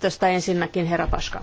Tästä ensinnäkin herra Paska.